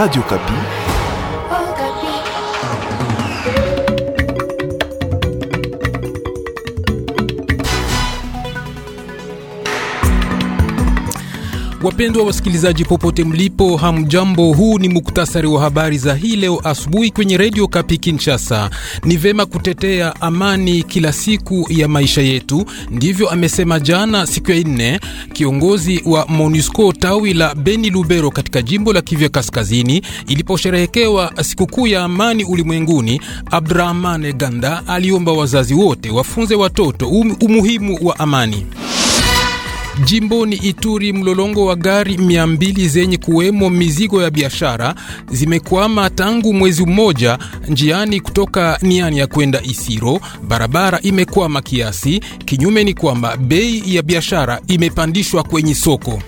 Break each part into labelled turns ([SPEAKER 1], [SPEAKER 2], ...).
[SPEAKER 1] Radio Capi Wapendwa wasikilizaji, popote mlipo, hamjambo. Huu ni muktasari wa habari za hii leo asubuhi kwenye redio Kapi Kinshasa. Ni vema kutetea amani kila siku ya maisha yetu, ndivyo amesema jana, siku ya nne, kiongozi wa MONUSCO tawi la Beni Lubero katika jimbo la kivya Kaskazini iliposherehekewa sikukuu ya amani ulimwenguni. Abdurahmane Ganda aliomba wazazi wote wafunze watoto um, umuhimu wa amani jimbo ni Ituri, mlolongo wa gari mia mbili zenye kuwemo mizigo ya biashara zimekwama tangu mwezi mmoja njiani kutoka niani ya kwenda Isiro. Barabara imekwama kiasi, kinyume ni kwamba bei ya biashara imepandishwa kwenye soko.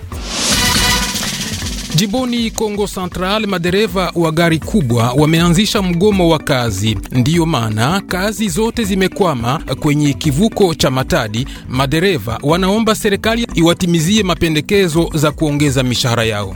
[SPEAKER 1] Jimboni Kongo Central, madereva wa gari kubwa wameanzisha mgomo wa kazi. Ndiyo maana kazi zote zimekwama kwenye kivuko cha Matadi. Madereva wanaomba serikali iwatimizie mapendekezo za kuongeza mishahara yao.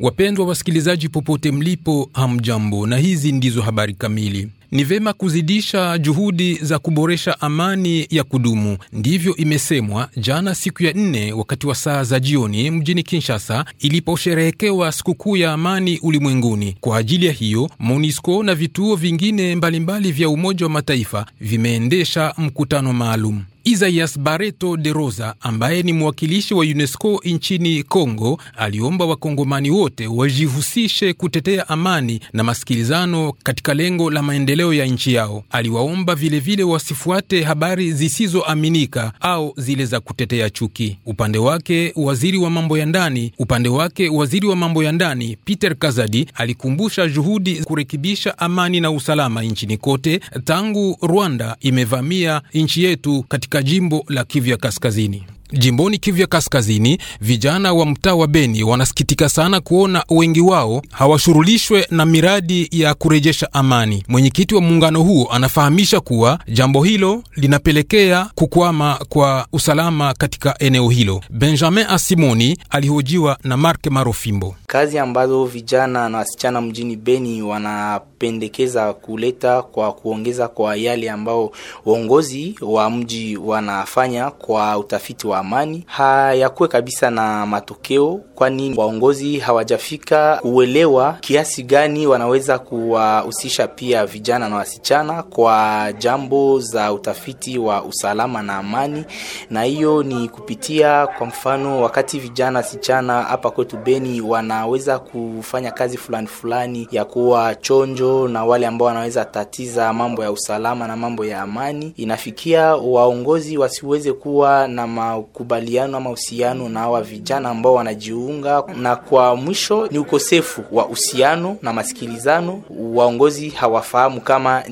[SPEAKER 1] Wapendwa wasikilizaji, popote mlipo, hamjambo, na hizi ndizo habari kamili. Ni vema kuzidisha juhudi za kuboresha amani ya kudumu, ndivyo imesemwa jana siku ya nne wakati wa saa za jioni mjini Kinshasa iliposherehekewa sikukuu ya amani ulimwenguni. Kwa ajili ya hiyo, MONUSCO na vituo vingine mbalimbali mbali vya Umoja wa Mataifa vimeendesha mkutano maalum. Isaias Barreto de Rosa ambaye ni mwakilishi wa UNESCO nchini congo aliomba wakongomani wote wajihusishe kutetea amani na masikilizano katika lengo la maendeleo ya nchi yao. Aliwaomba vilevile wasifuate habari zisizoaminika au zile za kutetea chuki. Upande wake waziri wa mambo ya ndani upande wake waziri wa mambo ya ndani Peter Kazadi alikumbusha juhudi kurekebisha amani na usalama nchini kote tangu Rwanda imevamia nchi yetu katika katika jimbo la Kivu ya Kaskazini. Jimboni Kivu ya Kaskazini, vijana wa mtaa wa Beni wanasikitika sana kuona wengi wao hawashurulishwe na miradi ya kurejesha amani. Mwenyekiti wa muungano huo anafahamisha kuwa jambo hilo linapelekea kukwama kwa usalama katika eneo hilo. Benjamin Asimoni alihojiwa na Mark Marofimbo. Kazi
[SPEAKER 2] ambazo vijana na wasichana mjini Beni wanapendekeza kuleta kwa kuongeza kwa yale ambao uongozi wa mji wanafanya kwa utafiti wa amani hayakuwe kabisa na matokeo, kwani waongozi hawajafika kuelewa kiasi gani wanaweza kuwahusisha pia vijana na wasichana kwa jambo za utafiti wa usalama na amani, na hiyo ni kupitia kwa mfano, wakati vijana wasichana hapa kwetu Beni wanaweza kufanya kazi fulani fulani ya kuwa chonjo na wale ambao wanaweza tatiza mambo ya usalama na mambo ya amani, inafikia waongozi wasiweze kuwa na ma makubaliano ama uhusiano na hawa vijana ambao wanajiunga, na kwa mwisho ni ukosefu wa uhusiano na masikilizano. Waongozi hawafahamu kama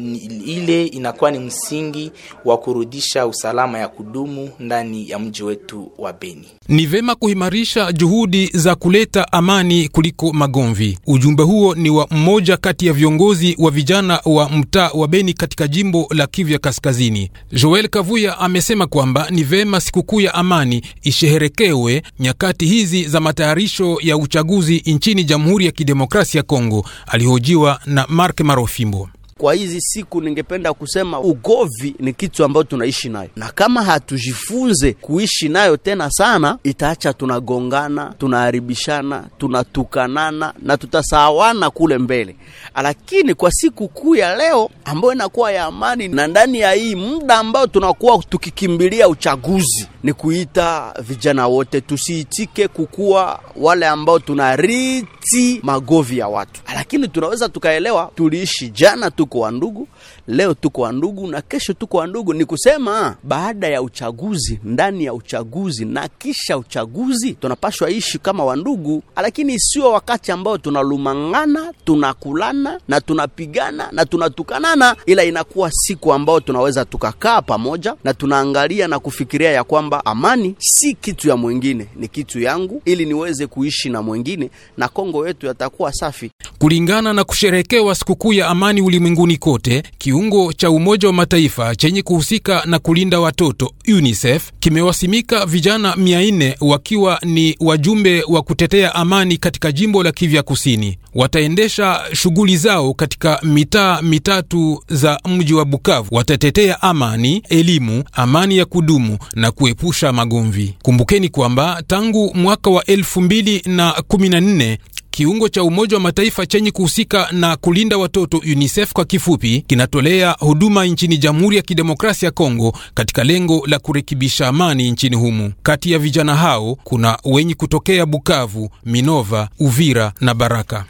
[SPEAKER 2] ile inakuwa ni msingi wa kurudisha usalama ya kudumu ndani ya mji wetu wa Beni.
[SPEAKER 1] Ni vema kuhimarisha juhudi za kuleta amani kuliko magomvi. Ujumbe huo ni wa mmoja kati ya viongozi wa vijana wa mtaa wa Beni katika jimbo la Kivu ya Kaskazini. Joel Kavuya amesema kwamba ni vema sikukuu ya amani amani isheherekewe nyakati hizi za matayarisho ya uchaguzi nchini Jamhuri ya Kidemokrasia ya Kongo. Alihojiwa na Mark Marofimbo
[SPEAKER 3] kwa hizi siku ningependa kusema ugovi ni kitu ambayo tunaishi nayo, na kama hatujifunze kuishi nayo tena sana, itaacha tunagongana, tunaharibishana, tunatukanana na tutasawana kule mbele. Lakini kwa siku kuu ya leo ambayo inakuwa ya amani, na ndani ya hii muda ambao tunakuwa tukikimbilia uchaguzi, ni kuita vijana wote tusiitike kukuwa wale ambao tunariti magovi ya watu, lakini tunaweza tukaelewa tuliishi jana tuk- kuwa ndugu leo tuko wandugu na kesho tuko wandugu. Ni kusema baada ya uchaguzi, ndani ya uchaguzi na kisha uchaguzi, tunapashwa ishi kama wandugu, lakini sio wakati ambao tunalumangana, tunakulana na tunapigana na tunatukanana, ila inakuwa siku ambao tunaweza tukakaa pamoja na tunaangalia na kufikiria ya kwamba amani si kitu ya mwingine, ni kitu yangu, ili niweze kuishi na mwingine na Kongo yetu yatakuwa safi,
[SPEAKER 1] kulingana na kusherekewa sikukuu ya amani ulimwenguni kote kiu Kiungo cha Umoja wa Mataifa chenye kuhusika na kulinda watoto UNICEF kimewasimika vijana 400 wakiwa ni wajumbe wa kutetea amani katika jimbo la Kivya Kusini. Wataendesha shughuli zao katika mitaa mitatu za mji wa Bukavu. Watatetea amani, elimu, amani ya kudumu na kuepusha magomvi. Kumbukeni kwamba tangu mwaka wa 2014 Kiungo cha Umoja wa Mataifa chenye kuhusika na kulinda watoto UNICEF kwa kifupi, kinatolea huduma nchini Jamhuri ya Kidemokrasia ya Kongo katika lengo la kurekebisha amani nchini humu. Kati ya vijana hao kuna wenye kutokea Bukavu, Minova, Uvira na Baraka.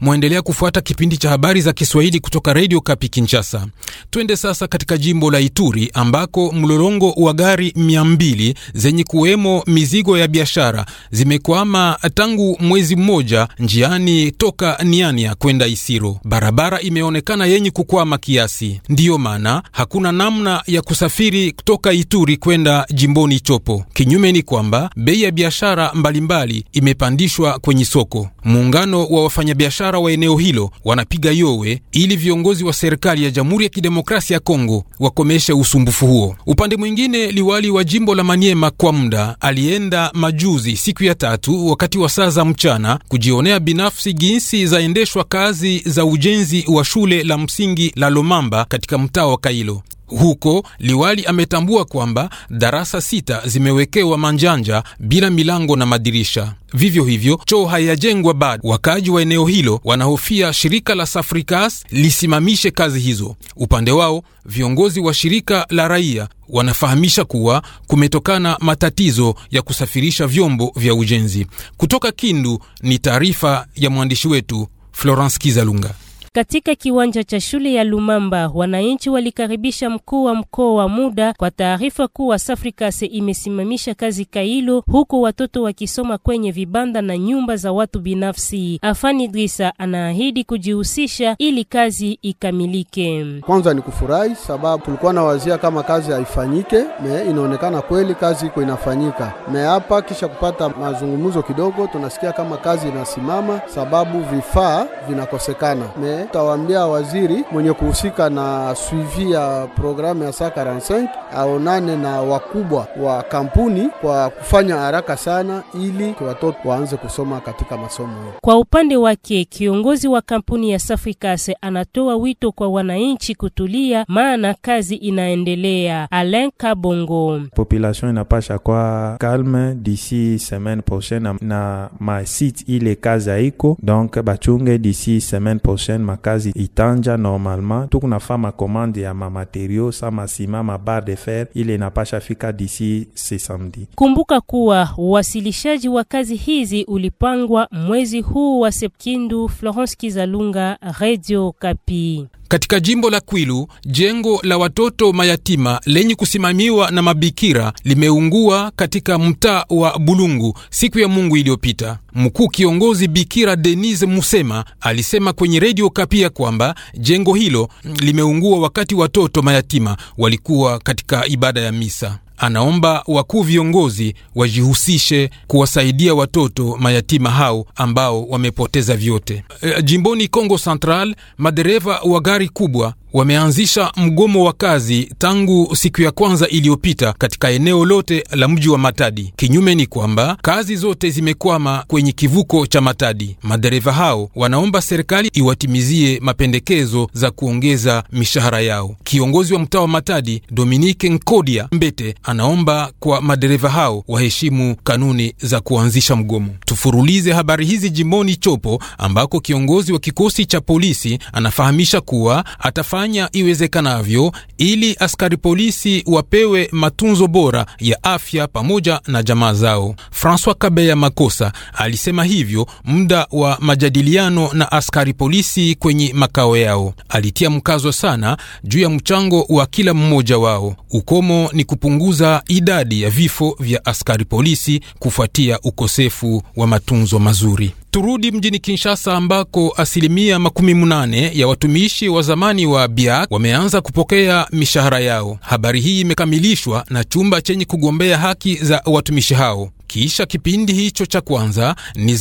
[SPEAKER 1] Mwaendelea kufuata kipindi cha habari za Kiswahili kutoka Redio Kapi Kinshasa. Twende sasa katika jimbo la Ituri ambako mlolongo wa gari mia mbili zenye kuwemo mizigo ya biashara zimekwama tangu mwezi mmoja njiani toka Niania kwenda Isiro. Barabara imeonekana yenye kukwama kiasi, ndiyo maana hakuna namna ya kusafiri kutoka Ituri kwenda jimboni Chopo. Kinyume ni kwamba bei ya biashara mbalimbali imepandishwa kwenye soko. Muungano wa wafanyabiashara biashara wa eneo hilo wanapiga yowe ili viongozi wa serikali ya Jamhuri ya Kidemokrasia ya Kongo wakomeshe usumbufu huo. Upande mwingine, liwali wa jimbo la Maniema kwa muda alienda majuzi siku ya tatu wakati wa saa za mchana kujionea binafsi jinsi zaendeshwa kazi za ujenzi wa shule la msingi la Lomamba katika mtaa wa Kailo. Huko liwali ametambua kwamba darasa sita zimewekewa manjanja bila milango na madirisha. Vivyo hivyo choo hayajengwa bado. Wakaaji wa eneo hilo wanahofia shirika la Safricas lisimamishe kazi hizo. Upande wao, viongozi wa shirika la raia wanafahamisha kuwa kumetokana matatizo ya kusafirisha vyombo vya ujenzi. Kutoka Kindu ni taarifa ya mwandishi wetu Florence Kizalunga.
[SPEAKER 4] Katika kiwanja cha shule ya Lumamba, wananchi walikaribisha mkuu wa mkoa wa muda kwa taarifa kuwa Safrikase imesimamisha kazi Kailo, huku watoto wakisoma kwenye vibanda na nyumba za watu binafsi. Afani drisa anaahidi kujihusisha ili kazi ikamilike.
[SPEAKER 3] Kwanza ni kufurahi sababu tulikuwa na wazia kama kazi haifanyike, me inaonekana kweli kazi iko inafanyika. Me hapa kisha kupata mazungumzo kidogo, tunasikia kama kazi inasimama sababu vifaa vinakosekana me tawaambia waziri mwenye kuhusika na suivi ya programu ya saa 45 aonane na wakubwa wa kampuni kwa kufanya haraka sana, ili watoto waanze kusoma katika masomo.
[SPEAKER 4] Kwa upande wake, kiongozi wa kampuni ya Safikase anatoa wito kwa wananchi kutulia, maana kazi inaendelea. Alain Kabongo:
[SPEAKER 1] population inapasha kwa calme d'ici semaine prochaine na ma site ile kazi haiko donc bachunge d'ici semaine prochaine makazi itanja normalement tukunafa ma makomande ya mamaterio sa masima mabar de fer ile inapasha fika disi se samedi.
[SPEAKER 4] Kumbuka kuwa uwasilishaji wa kazi hizi ulipangwa mwezi huu wa Sepkindu. Florence Kizalunga, Radio Kapi.
[SPEAKER 1] Katika jimbo la Kwilu, jengo la watoto mayatima lenye kusimamiwa na mabikira limeungua katika mtaa wa Bulungu siku ya Mungu iliyopita. Mkuu kiongozi Bikira Denise Musema alisema kwenye redio Kapia kwamba jengo hilo limeungua wakati watoto mayatima walikuwa katika ibada ya misa. Anaomba wakuu viongozi wajihusishe kuwasaidia watoto mayatima hao ambao wamepoteza vyote. E, jimboni congo Central, madereva wa gari kubwa wameanzisha mgomo wa kazi tangu siku ya kwanza iliyopita katika eneo lote la mji wa Matadi. Kinyume ni kwamba kazi zote zimekwama kwenye kivuko cha Matadi. Madereva hao wanaomba serikali iwatimizie mapendekezo za kuongeza mishahara yao. Kiongozi wa mtaa wa Matadi, dominike Nkodia Mbete, anaomba kwa madereva hao waheshimu kanuni za kuanzisha mgomo. Tufurulize habari hizi jimboni Chopo, ambako kiongozi wa kikosi cha polisi anafahamisha kuwa atafa kufanya iwezekanavyo ili askari polisi wapewe matunzo bora ya afya pamoja na jamaa zao. Francois Kabeya Makosa alisema hivyo muda wa majadiliano na askari polisi kwenye makao yao. Alitia mkazo sana juu ya mchango wa kila mmoja wao. Ukomo ni kupunguza idadi ya vifo vya askari polisi kufuatia ukosefu wa matunzo mazuri. Turudi mjini Kinshasa ambako asilimia makumi munane ya watumishi wa zamani wa BIAK wameanza kupokea mishahara yao. Habari hii imekamilishwa na chumba chenye kugombea haki za watumishi hao. Kisha kipindi hicho cha kwanza, ni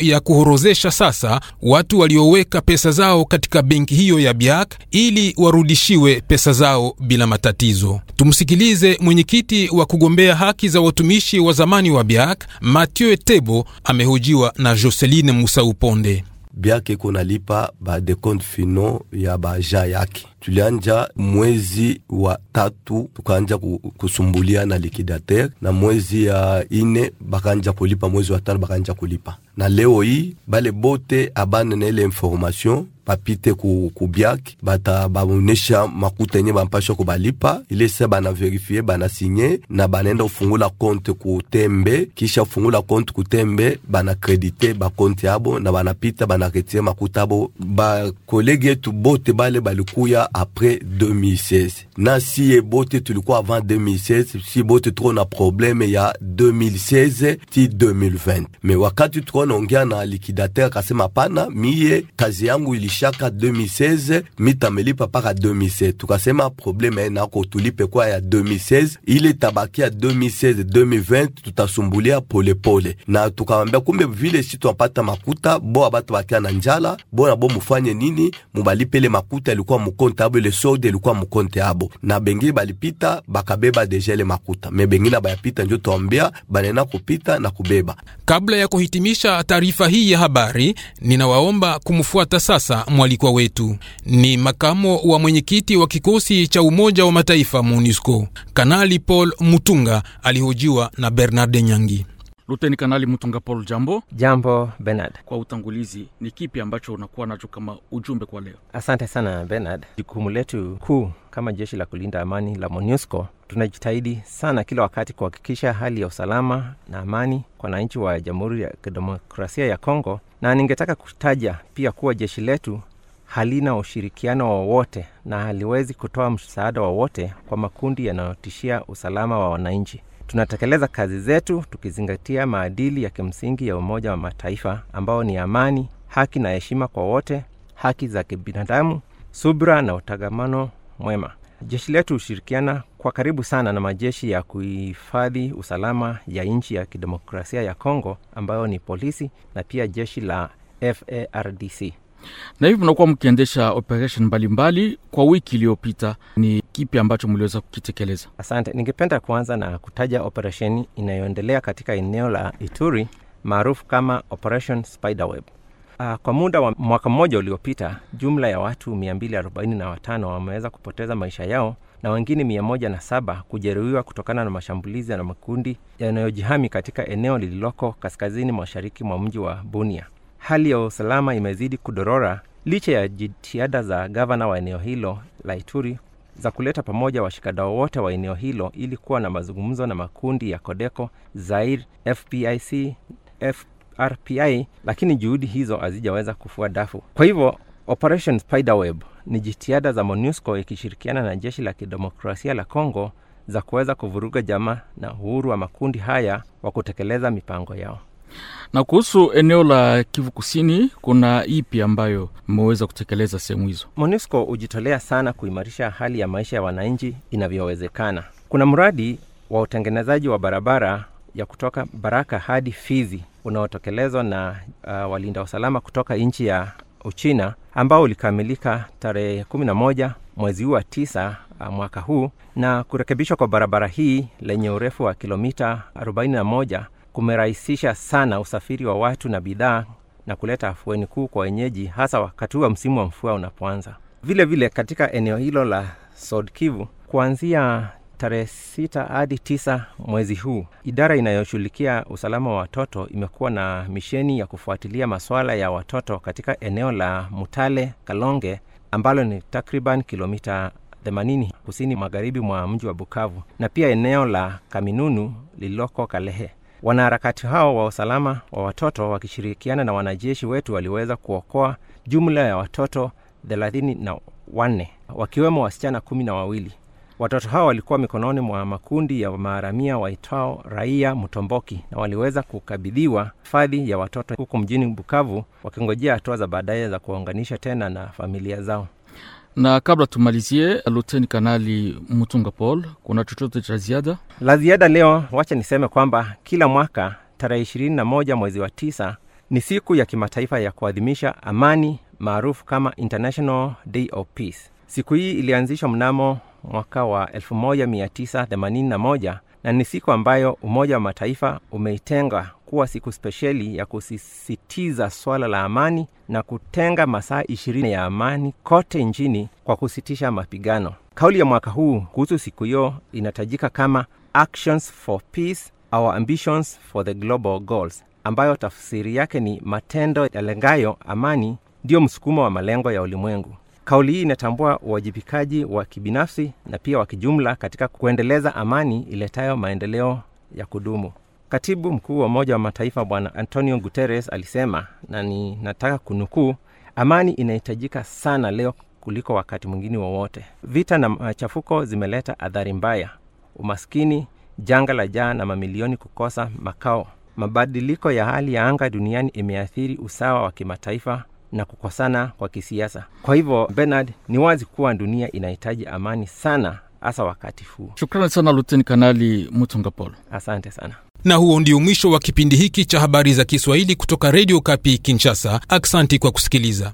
[SPEAKER 1] ya kuhorozesha sasa watu walioweka pesa zao katika benki hiyo ya BIAK ili warudishiwe pesa zao bila matatizo. Tumsikilize mwenyekiti wa kugombea haki za watumishi wa zamani wa BIAK, Mathieu Tebo, amehojiwa na Joseline Musa Uponde
[SPEAKER 5] biake keko nalipa ba badekonte fino ya baja yake. Tulianja mwezi wa tatu tukaanja kusumbulia na likidateur, na mwezi ya ine bakanja kulipa, mwezi wa tano bakanja kulipa, na leo hii bale bote abane na ile information papi te kubiak bata baonesha makuta yenye bampashwa kubalipa ile se banaverifie banasinye na banaenda kufungula konte kutembe kisha kufungula konte kutembe banakredite bakonte yabo na banapita banaretire makuta abo bakolege yetu bote bale balikuya apres 2016 na siye bote tulikuwa avant 2016 si bote tuko na probleme ya 2016 ti 2020 me wakati tuko naongea na likidatere akasema pana miye kazi yangu ilishi shaka 2016 mitamelipa paka 2017. Tukasema probleme enako tulipe kwa ya 2016 ile tabaki ya 2016 2020 tutasumbulia polepole, na tukawambia kumbe vile si twapata makuta bo batu bakia na njala bo bo mufanye nini mubalipele makuta ilikuwa mukonte abo ile solde ilikuwa mukonte abo, na bengi balipita bakabeba deja ile makuta me bengi na bayapita njo twambia banena kupita na kubeba.
[SPEAKER 1] Kabla ya kuhitimisha taarifa hii ya habari, ninawaomba kumfuata sasa mwalikwa wetu ni makamo wa mwenyekiti wa kikosi cha Umoja wa Mataifa MONUSCO, Kanali Paul Mutunga alihojiwa na Bernard Nyangi. Luteni Kanali
[SPEAKER 6] Mutunga Paul, jambo. Jambo Bernard.
[SPEAKER 1] Kwa utangulizi, ni kipi ambacho unakuwa nacho kama ujumbe kwa leo?
[SPEAKER 6] Asante sana Bernard. Jukumu letu kuu kama jeshi la kulinda amani la MONUSCO tunajitahidi sana kila wakati kuhakikisha hali ya usalama na amani kwa wananchi wa Jamhuri ya Kidemokrasia ya Kongo, na ningetaka kutaja pia kuwa jeshi letu halina ushirikiano wowote na haliwezi kutoa msaada wowote kwa makundi yanayotishia usalama wa wananchi. Tunatekeleza kazi zetu tukizingatia maadili ya kimsingi ya Umoja wa Mataifa ambao ni amani, haki na heshima kwa wote, haki za kibinadamu, subra na utangamano mwema. Jeshi letu hushirikiana kwa karibu sana na majeshi ya kuhifadhi usalama ya nchi ya kidemokrasia ya congo ambayo ni polisi na pia jeshi la FARDC na hivi mnakuwa mkiendesha operation mbalimbali kwa wiki iliyopita, ni kipi ambacho mliweza kukitekeleza? Asante. Ningependa kuanza na kutaja operesheni inayoendelea katika eneo la Ituri maarufu kama Operation Spiderweb. Ah, kwa muda wa mwaka mmoja uliopita, jumla ya watu 245 wameweza kupoteza maisha yao na wengine 107 kujeruhiwa kutokana na mashambulizi na makundi yanayojihami katika eneo lililoko kaskazini mashariki mwa mji wa Bunia. Hali ya usalama imezidi kudorora licha ya jitihada za gavana wa eneo hilo la Ituri za kuleta pamoja washikadao wote wa eneo hilo ili kuwa na mazungumzo na makundi ya Kodeko, Zair, FPIC, F RPI, lakini juhudi hizo hazijaweza kufua dafu. Kwa hivyo Operation Spiderweb ni jitihada za MONUSCO ikishirikiana na jeshi la kidemokrasia la Congo za kuweza kuvuruga jamaa na uhuru wa makundi haya wa kutekeleza mipango yao.
[SPEAKER 1] Na kuhusu eneo la Kivu Kusini, kuna ipi ambayo mmeweza kutekeleza sehemu hizo?
[SPEAKER 6] MONUSCO hujitolea sana kuimarisha hali ya maisha ya wananchi inavyowezekana. Kuna mradi wa utengenezaji wa barabara ya kutoka Baraka hadi Fizi unaotekelezwa na uh, walinda usalama kutoka nchi ya Uchina ambao ulikamilika tarehe 11 mwezi huu wa tisa uh, mwaka huu, na kurekebishwa kwa barabara hii lenye urefu wa kilomita 41 kumerahisisha sana usafiri wa watu na bidhaa na kuleta afueni kuu kwa wenyeji, hasa wakati huu wa msimu wa mfua unapoanza. Vile vile katika eneo hilo la Sod Kivu kuanzia tarehe sita hadi tisa mwezi huu, idara inayoshughulikia usalama wa watoto imekuwa na misheni ya kufuatilia masuala ya watoto katika eneo la Mutale Kalonge ambalo ni takriban kilomita 80 kusini magharibi mwa mji wa Bukavu na pia eneo la Kaminunu lililoko Kalehe. Wanaharakati hao wa usalama wa watoto wakishirikiana na wanajeshi wetu waliweza kuokoa jumla ya watoto thelathini na wanne wakiwemo wasichana kumi na wawili. Watoto hao walikuwa mikononi mwa makundi ya maharamia waitwao Raia Mtomboki na waliweza kukabidhiwa hifadhi ya watoto huku mjini Bukavu, wakingojea hatua za baadaye za kuwaunganisha tena na familia zao. Na kabla tumalizie, Luteni Kanali Mutunga Paul, kuna chochote cha ziada? La ziada leo, wacha niseme kwamba kila mwaka tarehe 21 mwezi wa tisa ni siku ya kimataifa ya kuadhimisha amani maarufu kama International Day of Peace. Siku hii ilianzishwa mnamo mwaka wa 1981 na ni siku ambayo Umoja wa Mataifa umeitenga kuwa siku spesheli ya kusisitiza swala la amani na kutenga masaa ishirini ya amani kote nchini kwa kusitisha mapigano. Kauli ya mwaka huu kuhusu siku hiyo inatajika kama Actions for Peace, Our Ambitions for the Global Goals, ambayo tafsiri yake ni matendo yalengayo amani ndiyo msukumo wa malengo ya ulimwengu. Kauli hii inatambua uwajibikaji wa kibinafsi na pia wa kijumla katika kuendeleza amani iletayo maendeleo ya kudumu. Katibu mkuu wa Umoja wa Mataifa Bwana Antonio Guterres alisema, na ninataka kunukuu, amani inahitajika sana leo kuliko wakati mwingine wowote. Wa vita na machafuko zimeleta athari mbaya, umaskini, janga la njaa na mamilioni kukosa makao. Mabadiliko ya hali ya anga duniani imeathiri usawa wa kimataifa na kukosana kwa kisiasa. Kwa hivyo, Bernard, ni wazi kuwa dunia inahitaji amani sana, hasa wakati huu. Shukrani sana Luteni Kanali Mutunga Polo, asante sana.
[SPEAKER 1] Na huo ndio mwisho wa kipindi hiki cha habari za Kiswahili kutoka Redio Kapi Kinshasa. Aksanti kwa kusikiliza.